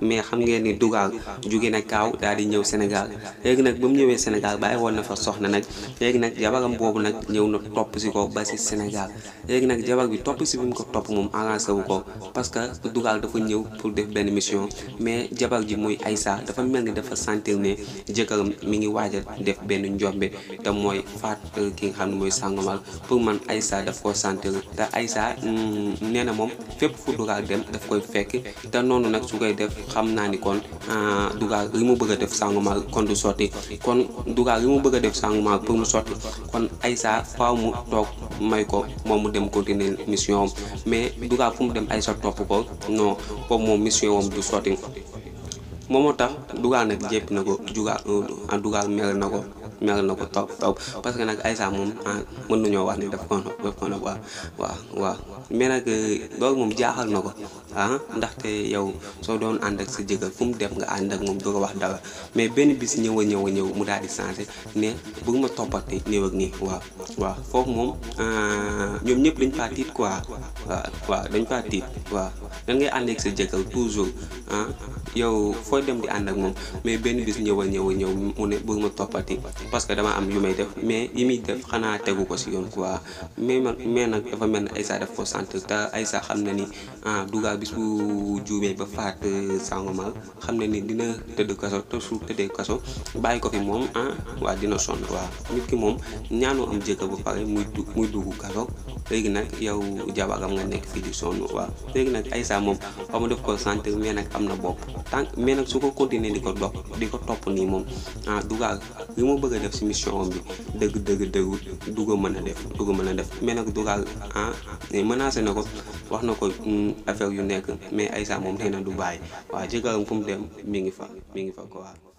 mais xam ngeen ni Dugal jóge na Kaaw daal di ñëw Sénégal léegi nag ba ñëwee Sénégal bàyyi woon na fa soxna nag léegi nag jabaram boobu nag ñëw na topp si ko ba si Sénégal léegi nag jabar bi topp si bi mu ko topp moom arrangé wu ko parce que dugaal dafa ñëw pour def benn mission mais jabar ji muy Aïssa dafa mel ni dafa sentir ne jëkkëram mi ngi waaja def benn njombe te mooy faat ki nga xam ne mooy Sàngomal pour man Aïssa daf ko sentir te Aïssa mm, nee na moom fépp fu dem daf koy fekk te noonu nag su koy def xam naa ni kon ah, Dougar li mu bëgg a def Sangomar kon du sotti kon dugal li mu bëgg a def Sangomar pour mu sotti kon saa faaw mu toog may ko moom mu dem continuer mission am mais Dougar fu mu dem ay Aïssa topp ko non boobu moom mission am du sotti moom moo tax Dougar nag jépp na ko Dougar euh, Dougar mer na ko. ñor na ko taw taw parce que nag Aïssa moom ah, mën nañoo wax ni daf ko daf ko waaw waaw waaw mais euh, moom jaaxal na ko ah ndaxte yow soo doon ànd ak sa fu mu dem nga ànd ak moom du wax dara mais benn bis ñëw a ñëw a ñëw mu daal di changé ne bëgg ma toppati néew ak nii waaw waaw foofu moom ah, ñoom ñëpp dañ faa tiit quoi waaw waaw dañ faa tiit waaw dan ngay ànd ak sa jëkkër toujours ah yow fooy dem di ànd ak moom mais benn bis ñëw a ñëw a ñëw mu ne bëgg ma toppati parce que dama am yu may def mais yi muy def xanaa tegu ko si yoon quoi mais man mais nag dafa mel ne Aïssa daf ko sant te Aïssa xam na ni ah Douga bis bu juumee ba faat euh, Sangomar xam na ni dina tëdd kaso te su tëddee kaso bàyyi ko fi moom ah waa dina sonn waaw nit ki moom ñaanoo am jëkkër ba pare muy du muy dugg kaso léegi nag yow jabaram nga nekk fii di sonn waaw léegi nag Aïssa moom xaw ma def ko sant mais nag am na bopp tant mais nag su ko continuer di ko dopp di ko topp nii moom ah Douga li mu bëgg def si mission bi dëgg dëgg dëgg du ko mën a def du ko mën a def mais nag Dugal ah menacé na ko wax na ko mm, affaire yu nekk mais Aïssa moom nee na du bàyyi waaw jëkkëram fu mu dem mi ngi fa mi ngi fa quoi.